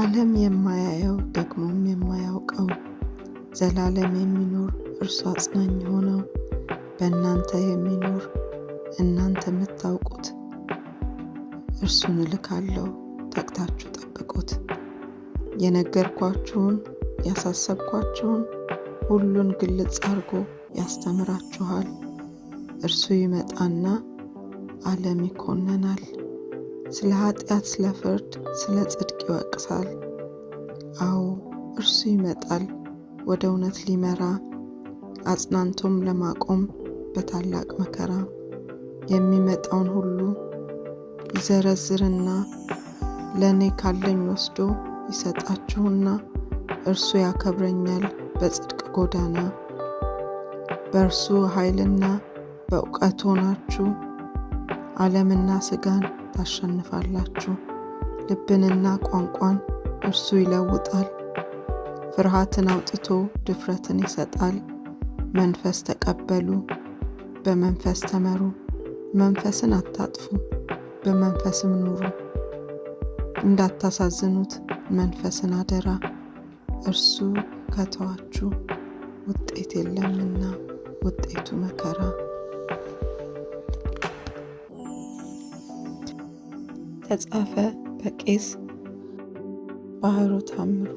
ዓለም የማያየው ደግሞም የማያውቀው ዘላለም የሚኖር እርሱ አጽናኝ የሆነው በእናንተ የሚኖር እናንተ የምታውቁት እርሱን እልካለሁ፣ ተቅታችሁ ጠብቁት። የነገርኳችሁን ያሳሰብኳችሁን ሁሉን ግልጽ አድርጎ ያስተምራችኋል። እርሱ ይመጣና ዓለም ይኮነናል። ስለ ኃጢአት፣ ስለ ፍርድ፣ ስለ ጽድቅ ይወቅሳል። አዎ እርሱ ይመጣል ወደ እውነት ሊመራ አጽናንቶም ለማቆም በታላቅ መከራ የሚመጣውን ሁሉ ይዘረዝርና ለእኔ ካለኝ ወስዶ ይሰጣችሁና እርሱ ያከብረኛል በጽድቅ ጎዳና በእርሱ ኃይልና በእውቀት ሆናችሁ ዓለምና ስጋን ታሸንፋላችሁ። ልብንና ቋንቋን እርሱ ይለውጣል። ፍርሃትን አውጥቶ ድፍረትን ይሰጣል። መንፈስ ተቀበሉ፣ በመንፈስ ተመሩ። መንፈስን አታጥፉ፣ በመንፈስም ኑሩ። እንዳታሳዝኑት መንፈስን አደራ፣ እርሱ ከተዋችሁ ውጤት የለምና ውጤቱ መከራ ተጻፈ በቄስ ባህሩ ታምሩ